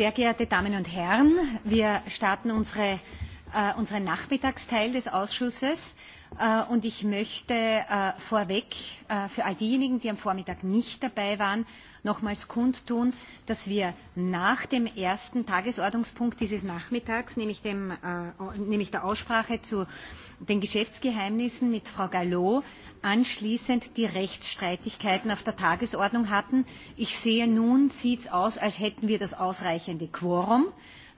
sehr geehrte Damen und Herren! Wir starten unsere, äh, unseren Nachmittagsteil des Ausschusses. Äh, und ich möchte äh, vorweg äh, für all diejenigen, die am Vormittag nicht dabei waren, nochmals kundtun, dass wir nach dem ersten Tagesordnungspunkt dieses Nachmittags, nämlich, dem, nämlich der Aussprache zu den Geschäftsgeheimnissen mit Frau Gallo, anschließend die Rechtsstreitigkeiten auf der Tagesordnung hatten. Ich sehe nun, sieht es aus, als hätten wir das ausreichende Quorum.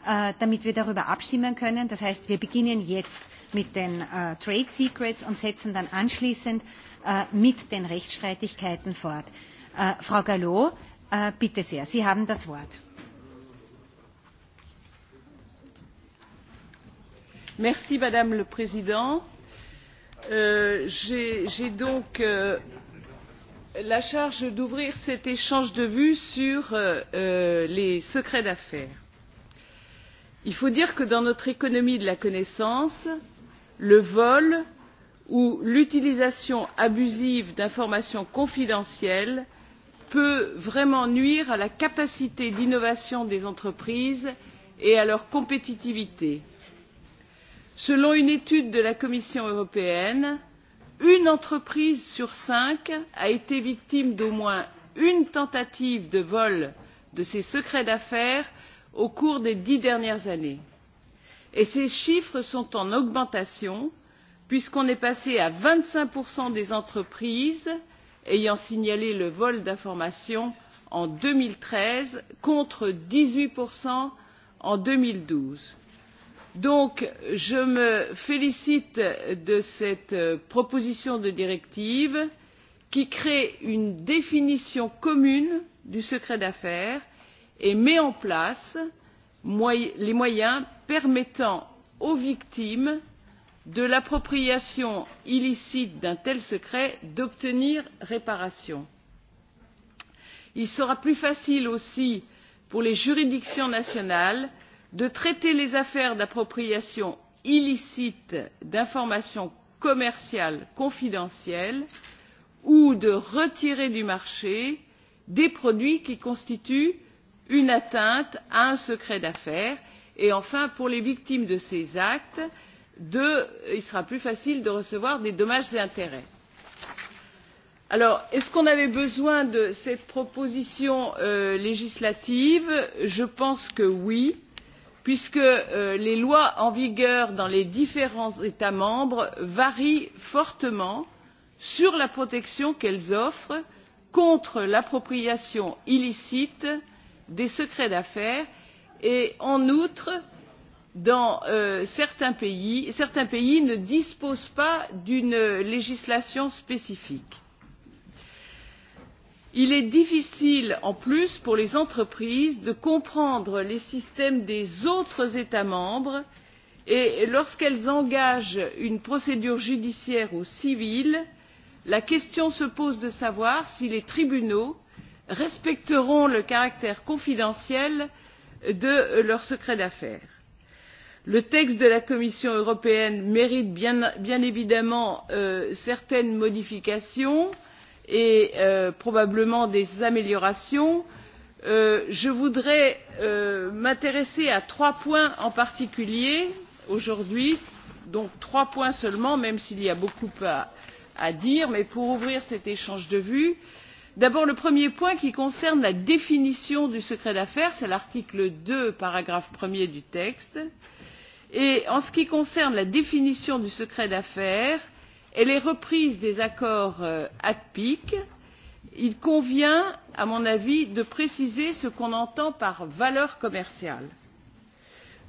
Äh, damit wir darüber abstimmen können. Das heißt, wir beginnen jetzt mit den äh, Trade Secrets und setzen dann anschließend äh, mit den Rechtsstreitigkeiten fort. Äh, Frau Gallo, äh, bitte sehr, Sie haben das Wort. Merci, Madame le Président. Euh, J'ai donc euh, la charge d'ouvrir cet échange de vues sur euh, euh les secrets d'affaires il faut dire que dans notre économie de la connaissance le vol ou l'utilisation abusive d'informations confidentielles peut vraiment nuire à la capacité d'innovation des entreprises et à leur compétitivité. selon une étude de la commission européenne une entreprise sur cinq a été victime d'au moins une tentative de vol de ses secrets d'affaires au cours des dix dernières années et ces chiffres sont en augmentation puisqu'on est passé à vingt cinq des entreprises ayant signalé le vol d'informations en deux mille treize contre dix huit en. deux mille douze donc je me félicite de cette proposition de directive qui crée une définition commune du secret d'affaires et met en place les moyens permettant aux victimes de l'appropriation illicite d'un tel secret d'obtenir réparation. il sera plus facile aussi pour les juridictions nationales de traiter les affaires d'appropriation illicite d'informations commerciales confidentielles ou de retirer du marché des produits qui constituent une atteinte à un secret d'affaires et enfin pour les victimes de ces actes de, il sera plus facile de recevoir des dommages et intérêts. Alors, est ce qu'on avait besoin de cette proposition euh, législative? je pense que oui puisque euh, les lois en vigueur dans les différents états membres varient fortement sur la protection qu'elles offrent contre l'appropriation illicite des secrets d'affaires et en outre dans euh, certains pays certains pays ne disposent pas d'une législation spécifique. il est difficile en plus pour les entreprises de comprendre les systèmes des autres états membres et lorsqu'elles engagent une procédure judiciaire ou civile la question se pose de savoir si les tribunaux respecteront le caractère confidentiel de leur secret d'affaires. le texte de la commission européenne mérite bien, bien évidemment euh, certaines modifications et euh, probablement des améliorations. Euh, je voudrais euh, m'intéresser à trois points en particulier aujourd'hui donc trois points seulement même s'il y a beaucoup à, à dire mais pour ouvrir cet échange de vues d'abord le premier point qui concerne la définition du secret d'affaires c'est l'article deux paragraphe premier du texte et en ce qui concerne la définition du secret d'affaires elle est reprise des accords euh, atpic il convient à mon avis de préciser ce qu'on entend par valeur commerciale.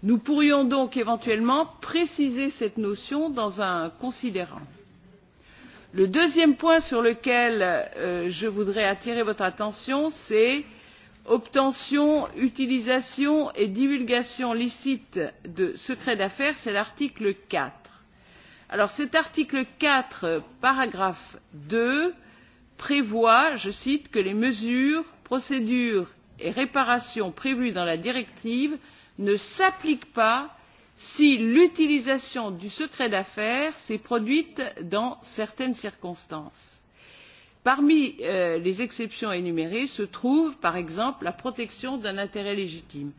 nous pourrions donc éventuellement préciser cette notion dans un considérant le deuxième point sur lequel euh, je voudrais attirer votre attention c'est obtention utilisation et divulgation licite de secrets d'affaires c'est l'article. quatre cet article quatre paragraphe deux prévoit je cite que les mesures procédures et réparations prévues dans la directive ne s'appliquent pas si l'utilisation du secret d'affaires s'est produite dans certaines circonstances. parmi euh, les exceptions énumérées se trouve par exemple la protection d'un intérêt légitime.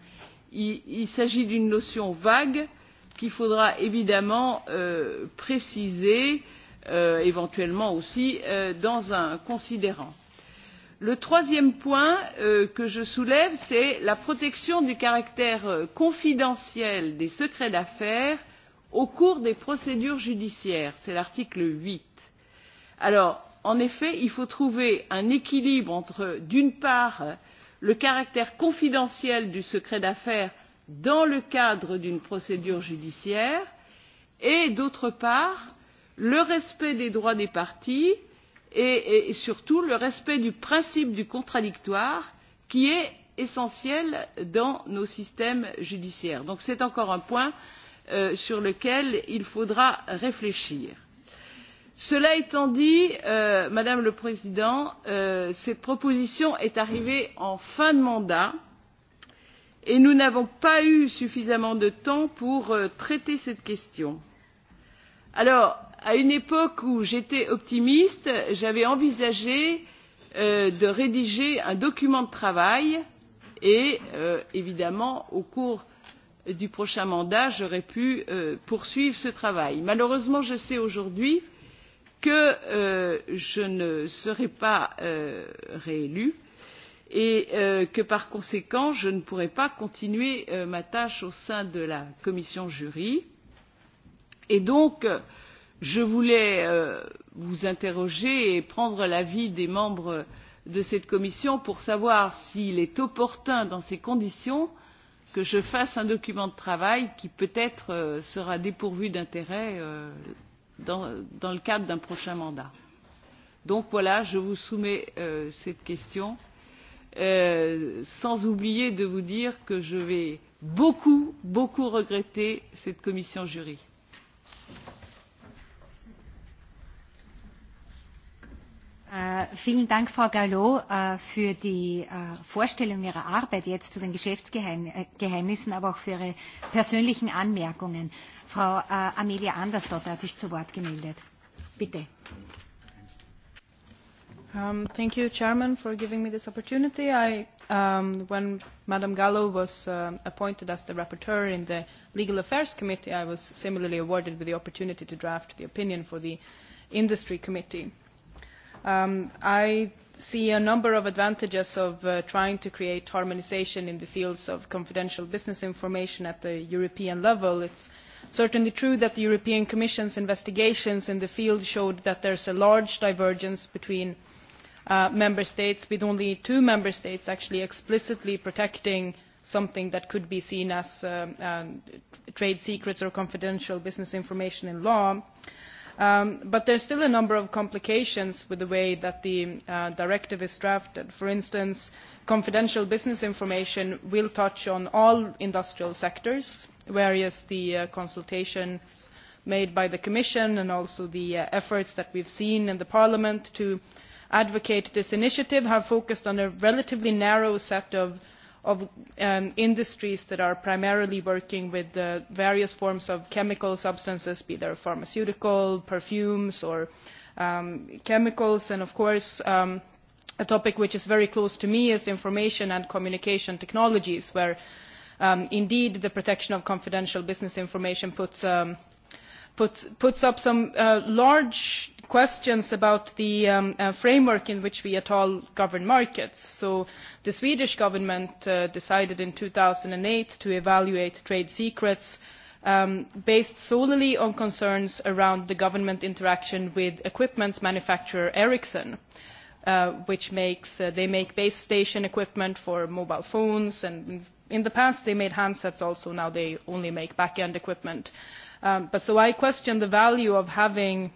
il, il s'agit d'une notion vague qu'il faudra évidemment euh, préciser euh, éventuellement aussi euh, dans un considérant le troisième point euh, que je soulève c'est la protection du caractère euh, confidentiel des secrets d'affaires au cours des procédures judiciaires c'est l'article. huit en effet il faut trouver un équilibre entre d'une part le caractère confidentiel du secret d'affaires dans le cadre d'une procédure judiciaire et d'autre part le respect des droits des parties et et, et surtout le respect du principe du contradictoire qui est essentiel dans nos systèmes judiciaires. donc c'est encore un point euh, sur lequel il faudra réfléchir. cela étant dit euh, madame la présidente euh, cette proposition est arrivée en fin de mandat et nous n'avons pas eu suffisamment de temps pour euh, traiter cette question. alors à une époque où j'étais optimiste j'avais envisagé euh, de rédiger un document de travail et euh, évidemment au cours du prochain mandat j'aurais pu euh, poursuivre ce travail. malheureusement je sais aujourd'hui que euh, je ne serai pas euh, réélue et euh, que par conséquent je ne pourrai pas continuer ma tâche au sein de la commission juri et donc je voulais euh, vous interroger et prendre l'avis des membres de cette commission pour savoir s'il est opportun dans ces conditions que je fasse un document de travail qui peut être euh, sera dépourvu d'intérêt euh, dans, dans le cadre d'un prochain mandat. donc voilà je vous soumets euh, cette question euh, sans oublier de vous dire que je vais beaucoup beaucoup regretter cette commission juri. Äh, vielen Dank, Frau Gallo, äh, für die äh, Vorstellung Ihrer Arbeit jetzt zu den Geschäftsgeheimnissen, äh, aber auch für Ihre persönlichen Anmerkungen. Frau äh, Amelia Andersdott hat sich zu Wort gemeldet. Bitte. Um, thank you, Chairman, for giving me this opportunity. I, um, when Madam Gallo was uh, appointed as the rapporteur in the Legal Affairs Committee, I was similarly awarded with the opportunity to draft the opinion for the Industry Committee. Um, I see a number of advantages of uh, trying to create harmonization in the fields of confidential business information at the European level. It's certainly true that the European Commission's investigations in the field showed that there's a large divergence between uh, member states, with only two member states actually explicitly protecting something that could be seen as um, um, trade secrets or confidential business information in law. Uh, Um, but there are still a number of complications with the way that the uh, directive is drafted. For instance, confidential business information will touch on all industrial sectors, whereas the uh, consultations made by the Commission and also the uh, efforts that we've seen in the Parliament to advocate this initiative have focused on a relatively narrow set of of um, industries that are primarily working with uh, various forms of chemical substances, be they pharmaceutical, perfumes, or um, chemicals. And of course, um, a topic which is very close to me is information and communication technologies, where um, indeed the protection of confidential business information puts, um, puts, puts up some uh, large questions about the um, uh, framework in which we at all govern markets. So the Swedish government uh, decided in 2008 to evaluate trade secrets um, based solely on concerns around the government interaction with equipment manufacturer Ericsson. Uh, which makes uh, they make base station equipment for mobile phones and in the past they made handsets also now they only make back end equipment um, but so i question the value of having uh,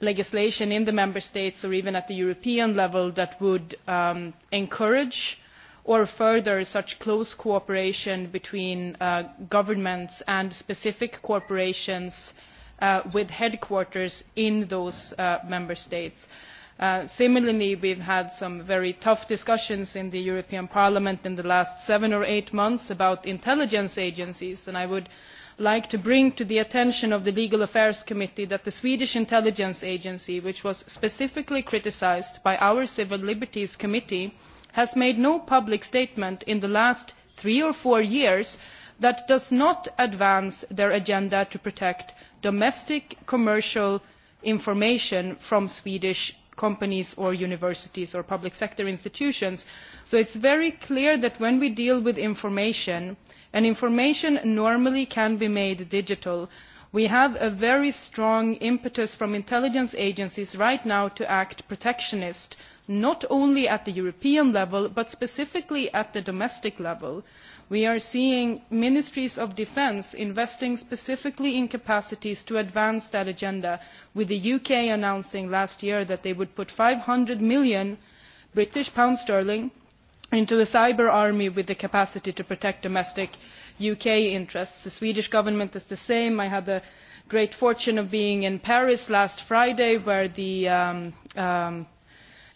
legislation in the member states or even at the european level that would um, encourage or further such close cooperation between uh, governments and specific corporations uh, with headquarters in those uh, member states. Uh, similarly, we've had some very tough discussions in the European Parliament in the last seven or eight months about intelligence agencies, and I would uh, like to bring to the attention of the legal affairs committee that the swedish intelligence agency which was specifically criticised by our civil liberties committee has made no public statement in the last three or four years that does not advance their agenda to protect domestic commercial information from swedish companies or universities or public sector institutions. so it is very clear that when we deal with information and information normally can be made digital we have a very strong impetus from intelligence agencies right now to act protectionist not only at the european level but specifically at the domestic level we are seeing ministries of defence investing specifically in capacities to advance that agenda with the uk announcing last year that they would put gbp five hundred million british pound sterling into a cyber army with the capacity to protect domestic uk interests. the swedish government is the same. i had the great fortune of being in paris last friday where the um, um,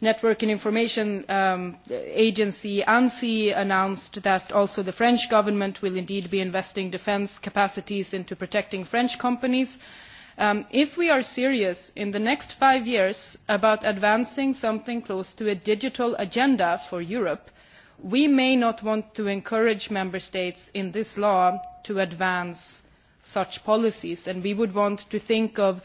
network and information um, agency ansi announced that also the french government will indeed be investing defence capacities into protecting french companies um, if we are serious in the next five years about advancing something close to a digital agenda for Europe, we may not want to encourage member states in this law to advance such policies and we would want to think of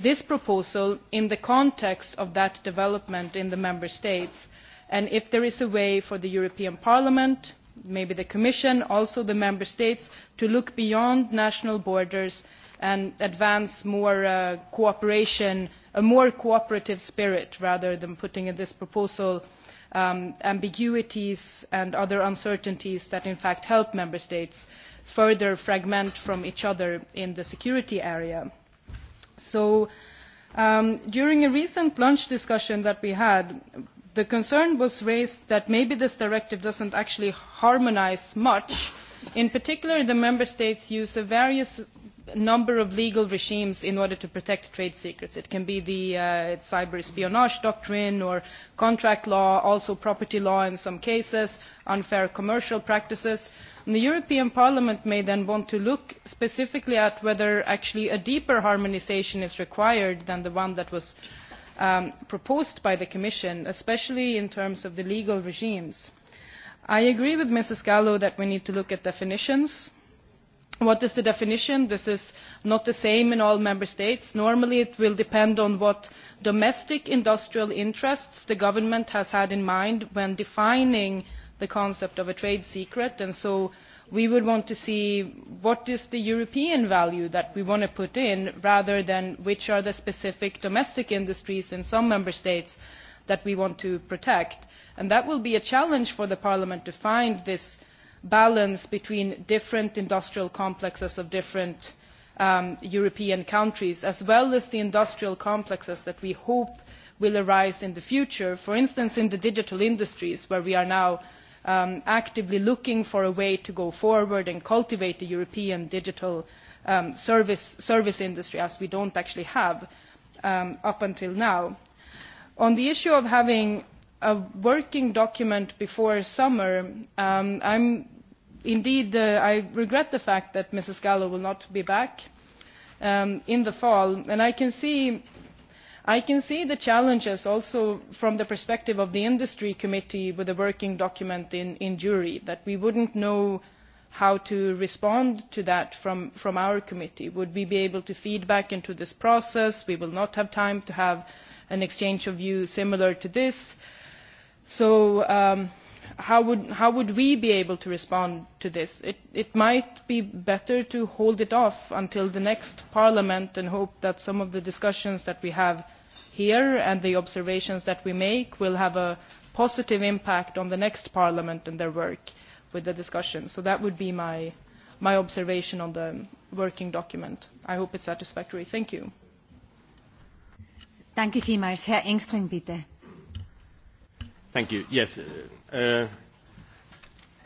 this proposal in the context of that development in the member states and if there is a way for the european parliament maybe the commission and also the member states to look beyond national borders and advance more uh, cooperation a more cooperative spirit rather than putting in this proposal um, ambiguities and other uncertainties that in fact help member states further fragment from each other in the security area So um, during a recent lunch discussion that we had, the concern was raised that maybe this directive doesn't actually harmonize much. In particular, the member states use a various number of legal regimes in order to protect trade secrets. It can be the uh, cyber espionage doctrine or contract law, also property law in some cases, unfair commercial practices. Uh, the european parliament may then want to look specifically at whether actually a deeper harmonisation is required than the one that was um, proposed by the commission especially in terms of the legal regimes. i agree with ms gallo that we need to look at definitions. what is the definition? this is not the same in all member states. normally it will depend on what domestic industrial interests the government has had in mind when defining uh, the concept of a trade secret and so we would want to see what is the european value that we want to put in rather than which are the specific domestic industries in some member states that we want to protect and that will be a challenge for parliament to find this balance between different industrial complexes of different um, european countries as well as the industrial complexes that we hope will arise in the future for instance in the digital industries where we are now um, actively looking for a way to go forward and cultivate the European digital um, service, service industry as we don't actually have um, up until now. On the issue of having a working document before summer, um, I'm indeed, uh, I regret the fact that Mrs. Gallo will not be back um, in the fall, and I can see i can see the challenges also from the perspective of the industry committee with a working document in, in juri that we would not know how to respond to that from, from our committee. would we be able to feed back into this process? we will not have time to have an exchange of views similar to this. so um, how, would, how would we be able to respond to this? It, it might be better to hold it off until the next parliament and hope that some of the discussions that we have here and the observations that we make will have a positive impact on the next parliament and their work with the discussion. So that would be my, my observation on the working document. I hope it's satisfactory. Thank you. Danke vielmals. Herr Engström, bitte. Thank you. Yes, uh, uh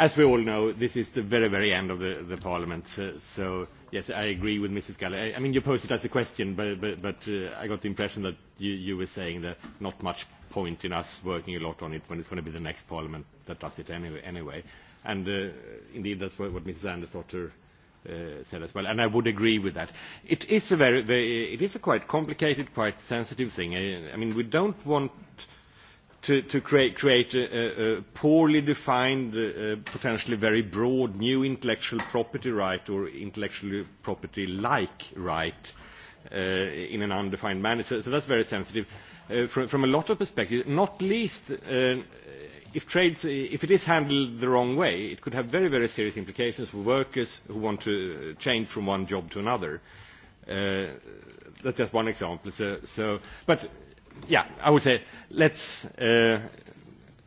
as we all know, this is the very, very end of the, the Parliament. Uh, so, yes, I agree with Mrs. Gallagher. I, I mean, you posed it as a question, but, but, but uh, I got the impression that you, you were saying that not much point in us working a lot on it when it's going to be the next Parliament that does it anyway. anyway. And uh, indeed, that's what, what Mrs. Andersdotter uh, said as well, and I would agree with that. It is a, very, very, it is a quite complicated, quite sensitive thing. I, I mean, we don't want... Uh, to, to create, create a, a poorly defined, uh, potentially very broad new intellectual property right or intellectual property-like right uh, in an undefined manner. So, so that's very sensitive uh, from, from a lot of perspectives, not least uh, if, trades, if it is handled the wrong way, it could have very, very serious implications for workers who want to change from one job to another. Uh, that's just one example. So, so, but yeah, I would say let's uh,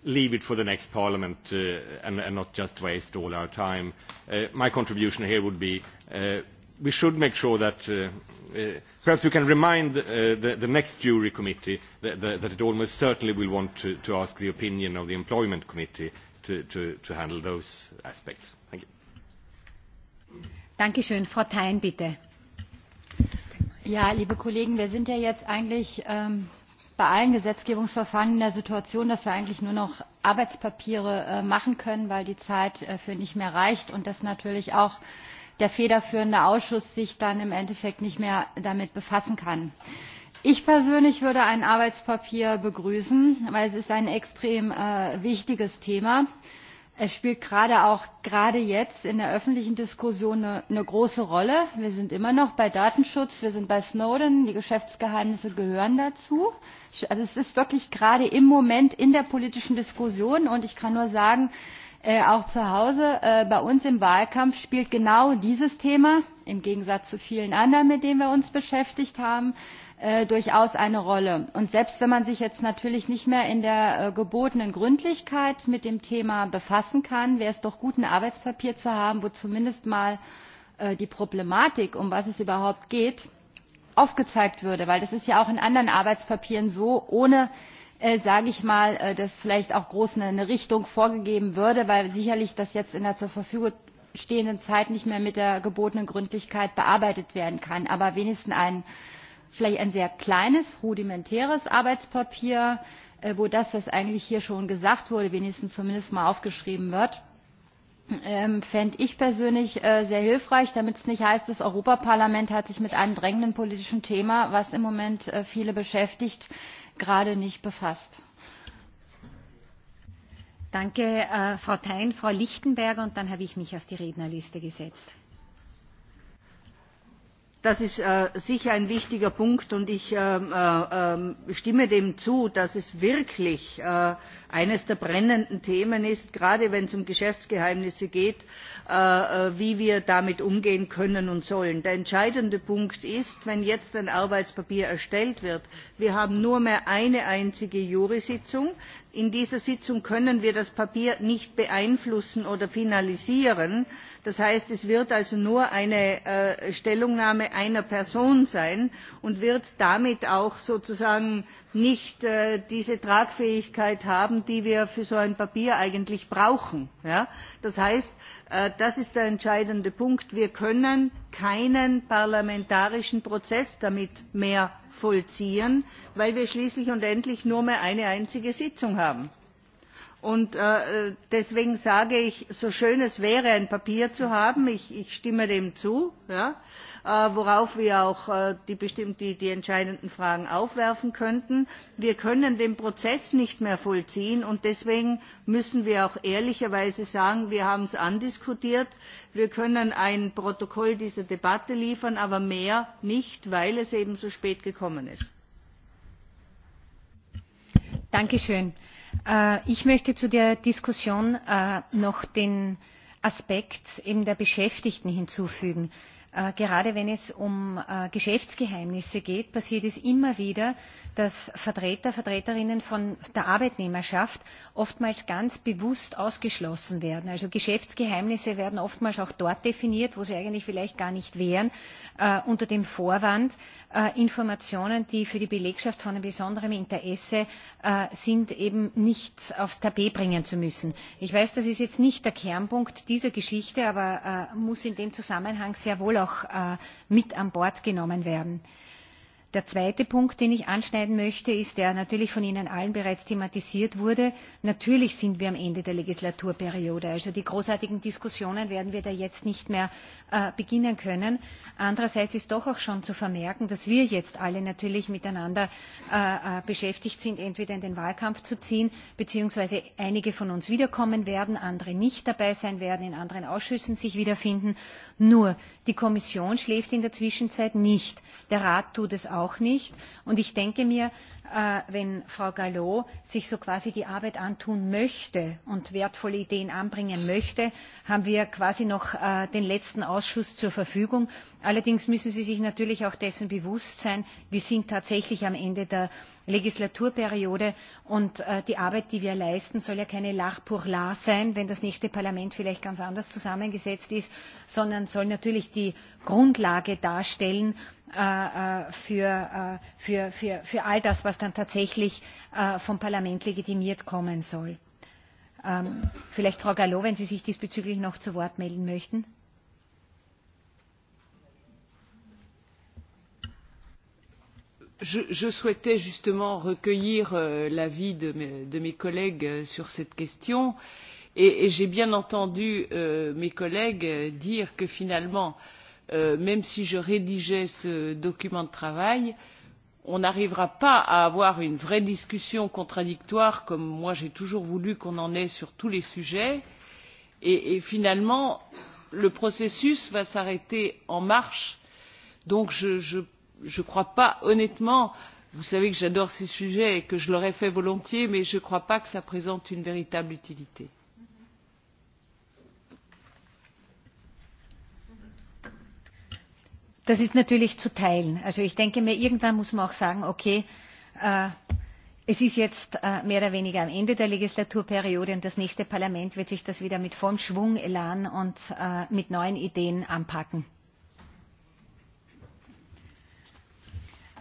leave it for the next parliament uh, and, and not just waste all our time. Uh, my contribution here would be uh, we should make sure that uh, uh, perhaps we can remind uh, the, the next jury committee that, that, that it almost certainly will want to, to ask the opinion of the employment committee to, to, to handle those aspects. Thank you. Dankeschön. Frau Thein, bitte. Ja, liebe Kollegen, wir sind ja jetzt eigentlich ähm, bei allen gesetzgebungsverfahren in der situation dass wir eigentlich nur noch arbeitspapiere äh, machen können weil die zeit dafür äh, nicht mehr reicht und dass natürlich auch der federführende ausschuss sich dann im endeffekt nicht mehr damit befassen kann. ich persönlich würde ein arbeitspapier begrüßen weil es ein extrem äh, wichtiges thema ist Es spielt gerade auch gerade jetzt in der öffentlichen Diskussion eine, eine große Rolle. Wir sind immer noch bei Datenschutz, wir sind bei Snowden, die Geschäftsgeheimnisse gehören dazu. Also es ist wirklich gerade im Moment in der politischen Diskussion und ich kann nur sagen, äh, auch zu Hause, äh, bei uns im Wahlkampf spielt genau dieses Thema, im Gegensatz zu vielen anderen, mit denen wir uns beschäftigt haben, äh, äh, durchaus eine Rolle. Und selbst wenn man sich jetzt natürlich nicht mehr in der äh, gebotenen Gründlichkeit mit dem Thema befassen kann, wäre es doch gut, ein Arbeitspapier zu haben, wo zumindest mal äh, die Problematik, um was es überhaupt geht, aufgezeigt würde. Weil das ist ja auch in anderen Arbeitspapieren so, ohne äh, sage ich mal, äh, dass vielleicht auch groß eine, eine Richtung vorgegeben würde, weil sicherlich das jetzt in der zur Verfügung stehenden Zeit nicht mehr mit der gebotenen Gründlichkeit bearbeitet werden kann, aber wenigstens einen vielleicht ein sehr kleines, rudimentäres Arbeitspapier, äh, wo das, was eigentlich hier schon gesagt wurde, wenigstens zumindest mal aufgeschrieben wird. Ähm, fände ich persönlich äh, sehr hilfreich, damit es nicht heißt, das Europaparlament hat sich mit einem drängenden politischen Thema, was im Moment äh, viele beschäftigt, gerade nicht befasst. Danke, äh, Frau Thein, Frau Lichtenberger und dann habe ich mich auf die Rednerliste gesetzt das ist äh, sicher ein wichtiger punkt und ich ähm, äh, äh, stimme dem zu dass es wirklich äh, eines der brennenden themen ist gerade wenn es um geschäftsgeheimnisse geht äh, äh, wie wir damit umgehen können und sollen. der entscheidende punkt ist wenn jetzt ein arbeitspapier erstellt wird wir haben nur mehr eine einzige juri sitzung in dieser sitzung können wir das papier nicht beeinflussen oder finalisieren das heißt es wird also nur eine stellungnahme einer person sein und wird damit auch sozusagen nicht äh, diese tragfähigkeit haben die wir für so ein papier eigentlich brauchen. Ja? das heißt äh, das ist der entscheidende punkt wir können keinen parlamentarischen prozess damit mehr vollziehen weil wir schließlich und endlich nur mehr eine einzige sitzung haben. Und äh, deswegen sage ich, so schön es wäre, ein Papier zu haben, ich, ich stimme dem zu, ja, äh, worauf wir auch äh, die, bestimmt, die, die entscheidenden Fragen aufwerfen könnten. Wir können den Prozess nicht mehr vollziehen und deswegen müssen wir auch ehrlicherweise sagen, wir haben es andiskutiert. Wir können ein Protokoll dieser Debatte liefern, aber mehr nicht, weil es eben so spät gekommen ist. Dankeschön. schön Äh, ich möchte zu der Diskussion äh, noch den Aspekt eben der Beschäftigten hinzufügen Äh, gerade wenn es um äh, geschäftsgeheimnisse geht passiert es immer wieder dass vertreter vertreterinnen der arbeitnehmerschaft oftmals ganz bewusst ausgeschlossen werden. also geschäftsgeheimnisse werden oftmals auch dort definiert wo sie eigentlich vielleicht gar nicht wären äh, unter dem vorwand informationen die für die belegschaft von besonderem interesse sind eben nicht aufs tapet bringen zu müssen. ich weiß das ist jetzt nicht der kernpunkt dieser geschichte aber muss in dem zusammenhang sehr wohl noch äh, mit an Bord genommen werden. Der zweite Punkt, den ich anschneiden möchte, ist der natürlich von Ihnen allen bereits thematisiert wurde. Natürlich sind wir am Ende der Legislaturperiode. Also die großartigen Diskussionen werden wir da jetzt nicht mehr äh, beginnen können. Andererseits ist doch auch schon zu vermerken, dass wir jetzt alle natürlich miteinander äh, äh beschäftigt sind, entweder in den Wahlkampf zu ziehen, beziehungsweise einige von uns wiederkommen werden, andere nicht dabei sein werden, in anderen Ausschüssen sich wiederfinden. Nur die Kommission schläft in der Zwischenzeit nicht. Der Rat tut es auch nicht. Und ich denke mir, äh, wenn Frau Gallo sich so quasi die Arbeit antun möchte und wertvolle Ideen anbringen möchte, haben wir quasi noch äh, den letzten Ausschuss zur Verfügung. Allerdings müssen Sie sich natürlich auch dessen bewusst sein, wir sind tatsächlich am Ende der legislaturperiode und äh, die arbeit die wir leisten soll ja keine l'art pour l'art sein wenn das nächste parlament vielleicht ganz anders zusammengesetzt ist sondern soll natürlich die grundlage darstellen äh, äh für, äh, für, für, für all das was dann tatsächlich äh, vom parlament legitimiert kommen soll. Ähm, vielleicht frau gallo wenn sie sich diesbezüglich noch zu wort melden möchten. Je, je souhaitais justement recueillir euh, l'avis de, mes, de mes collègues euh, sur cette question et, et j'ai bien entendu euh, mes collègues euh, dire que finalement euh, même si je rédigeais ce document de travail on n'arrivera pas à avoir une vraie discussion contradictoire comme moi j'ai toujours voulu qu'on en ait sur tous les sujets et, et finalement le processus va s'arrêter en marche donc je, je je ne crois pas honnêtement vous savez que j'adore ces sujets et que je l'aurais fait volontiers mais je ne crois pas que cela présente une véritable utilité. Das ist natürlich zu teilen. Also ich denke mir, irgendwann muss man auch sagen, okay, äh, es ist jetzt äh, mehr oder weniger am Ende der Legislaturperiode und das nächste Parlament wird sich das wieder mit vollem Schwung, Elan und äh, mit neuen Ideen anpacken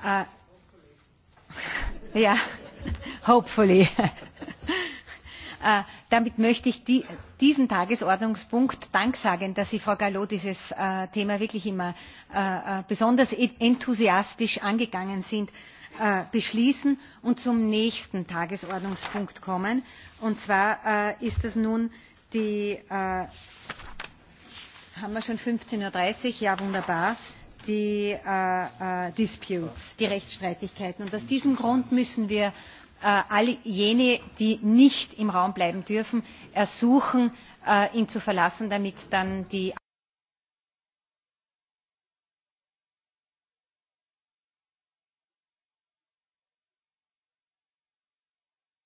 Uh, ja, hopefully. Uh, damit möchte ich die, diesen tagesordnungspunkt dank sagen dass sie frau gallo dieses uh, thema wirklich immer uh, uh, besonders enthusiastisch angegangen sind uh, beschließen und zum nächsten tagesordnungspunkt kommen. und zwar ist das nun die haben wir schon fünfzehn dreißig uhr ja wunderbar die äh, äh, Disputes, die Rechtsstreitigkeiten. Und aus diesem Grund müssen wir äh, alle jene, die nicht im Raum bleiben dürfen, ersuchen, äh, ihn zu verlassen, damit dann die